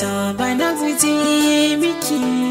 ta ba na guje miki